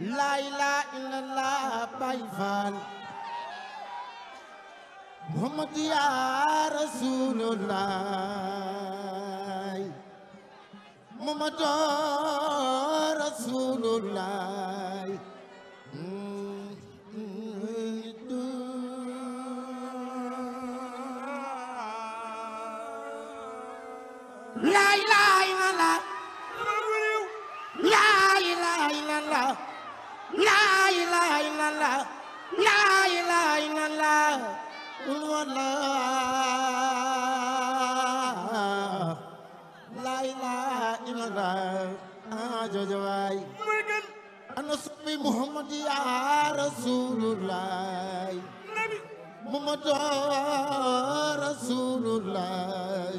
laa ilaaha illallah Faal Muhammad yaa Rasulullah Muhammad Rasulullah laa ilaaha illallah Muhammad Rasulullah Muhammad Rasulullah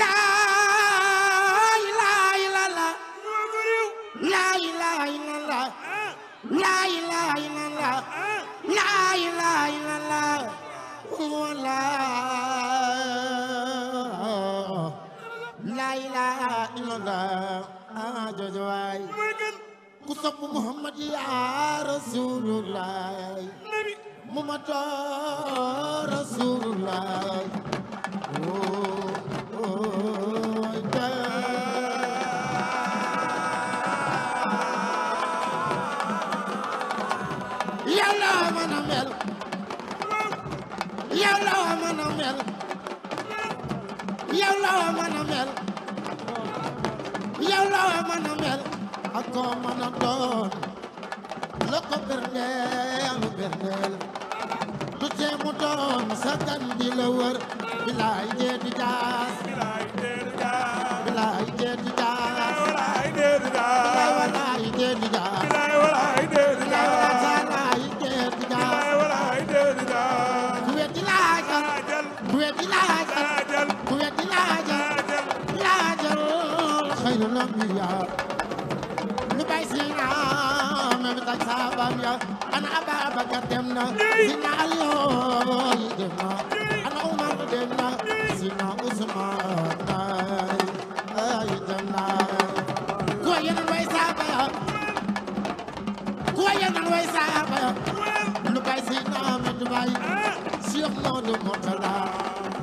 La la la la la la la la la ku sopp Muhammad ya Rasulullah mu ma toora ak koo mën a doon la ko berndeel berndeel du tee mu doon sa gan di la wër bilaay jeeti jaas bilaay jeeti jaas bilaay jeeti jaas bilaay jeeti jaas bilaay jeeti jaas bilaay jeeti jaas ku wetti laajal ku wetti laajal ku wetti laajal laajal xayru lam yaa العام بتكسابم يا أنا أبا بكتمنا سنا الله يدمنا أنا عمر دمنا سنا عثمان يدمنا كوين الويسابا كوين الويسابا لباي سنا من دبي سيخ مود مرتضى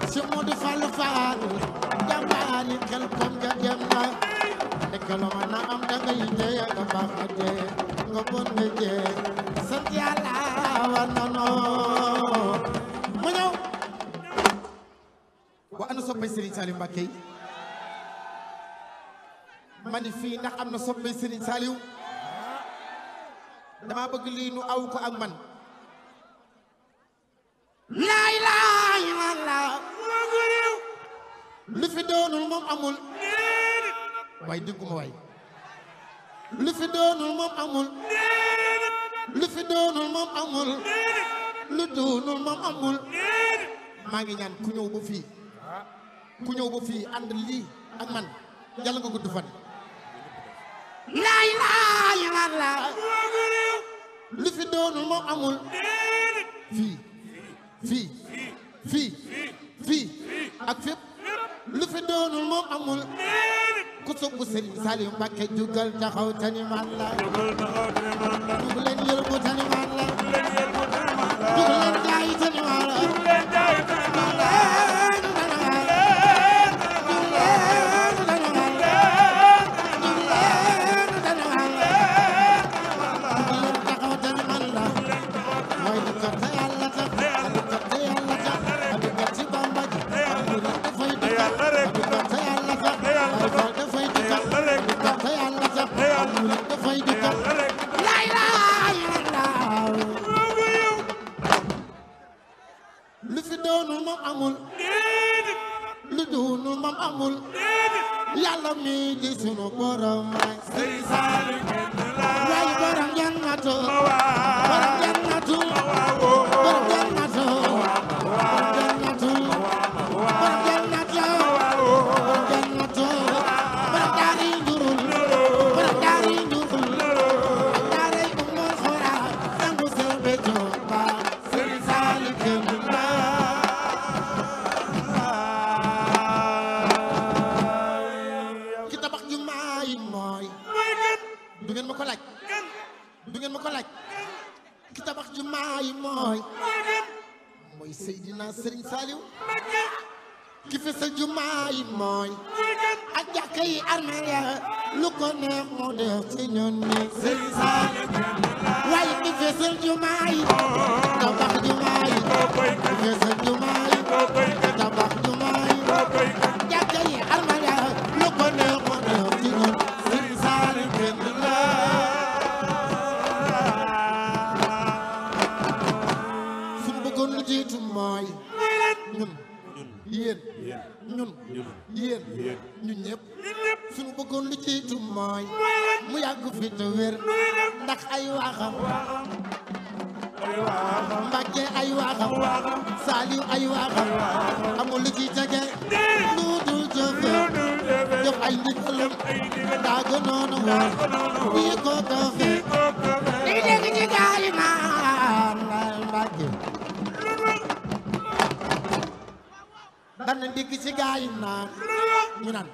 سيخ مود فالفال جمالي كلكم جدمنا kalama na am danga liggéey nga baaxate nga bon nga jee sant yàlla war na noo mu ñëw wa ana soppay Serigne Saliou Mbacké yi ma ndax am na soppay Serigne Saliou dama bëgg lii nu aw ko ak man laay laay man la lu fi doonul moom amul le dégguma waay lu fi doonul mom amul lu fi doonul amul lu doonul mom amul maa ngi ñaan ku ñew bu ku ak man nga fi amul amul sukk Serigne Saliou Mbacké jugal taxaw tani man la jugal taxaw tani doonul moom amul lu doonul moom amul yàlla mi di sunu borom may sëriñ Saliou waaye borom jannatu borom jannatu mooy Seydina Serigne Saliou ki fi sa jumaa yi mooy ak jàkka yi armeel lu ko neex mu def ci ni Serigne Saliou waaye ki fi sa jumaa yi tabax jumaa yi ki fi sa jumaa yi tabax jumaa yi waxam Saliou ay waxam amul lu ci jege lu dul jëfe jox ay ndigalam daa gënoon a wax nii ko kafe nii dégg ci gaali maam Mbàkke dana dégg ci gaali maam ñu naan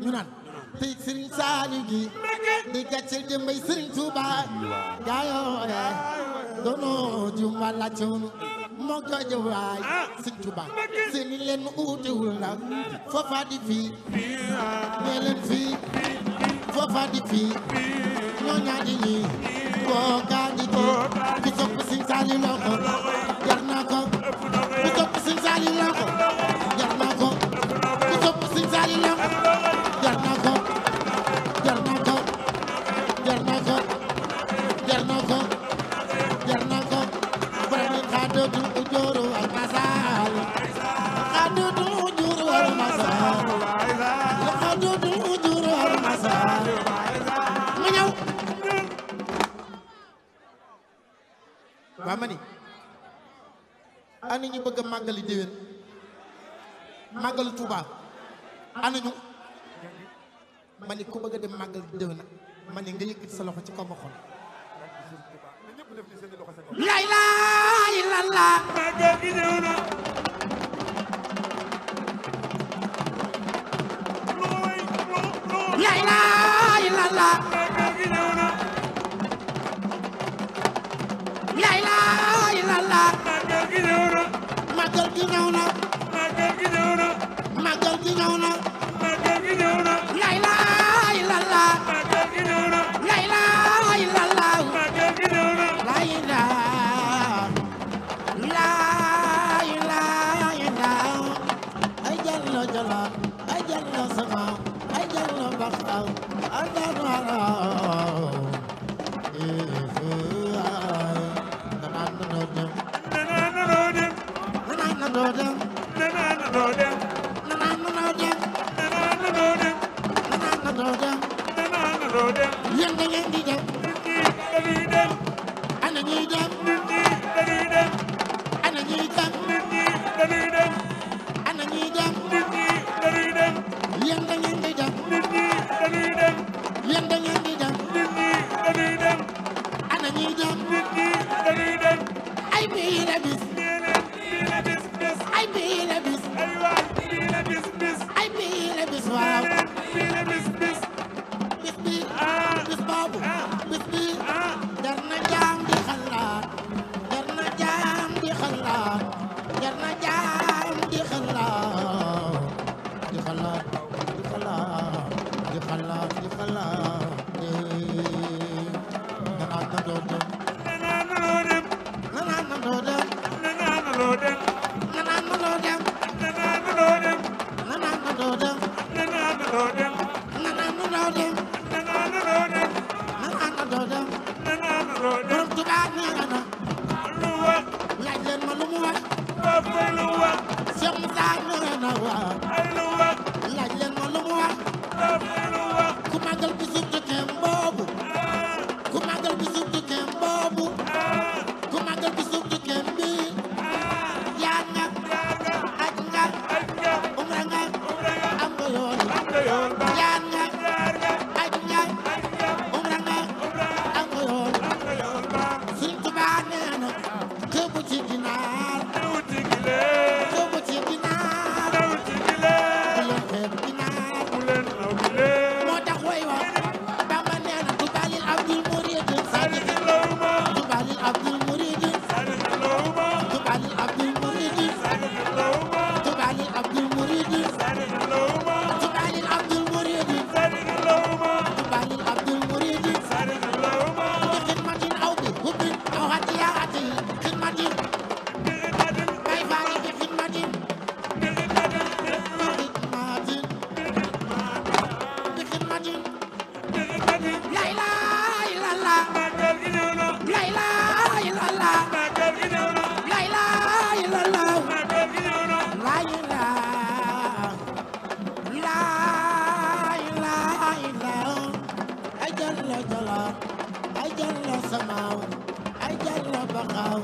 ñu naan tey Serigne Saliou gi di gàcceel jëmbay Serigne Touba gaayoo eh. don't know cun moo to waay ah. sëñ Tuba seeni leen uutiwul nag ah. foofa di ana ñu bëgg a màggali déwén màggalu Touba ana ñu ma ni ku bëgg a dem màggal déwén ma ni nga yëkkati sa loxo ci kaw ma xol. lay laa. magal gi ñëw na magal gi ñëw na magal gi ñëw na magal gi ñëw na nanoo dem. nanaa nanoo dem. nanaa nanoo dem. nanaa nanoo dem. nanaa nanoo dem. nanaa nanoo dem. yéen da ngeen di dem. jalla jalaal ay jalla samaaw ay jalla baqaaw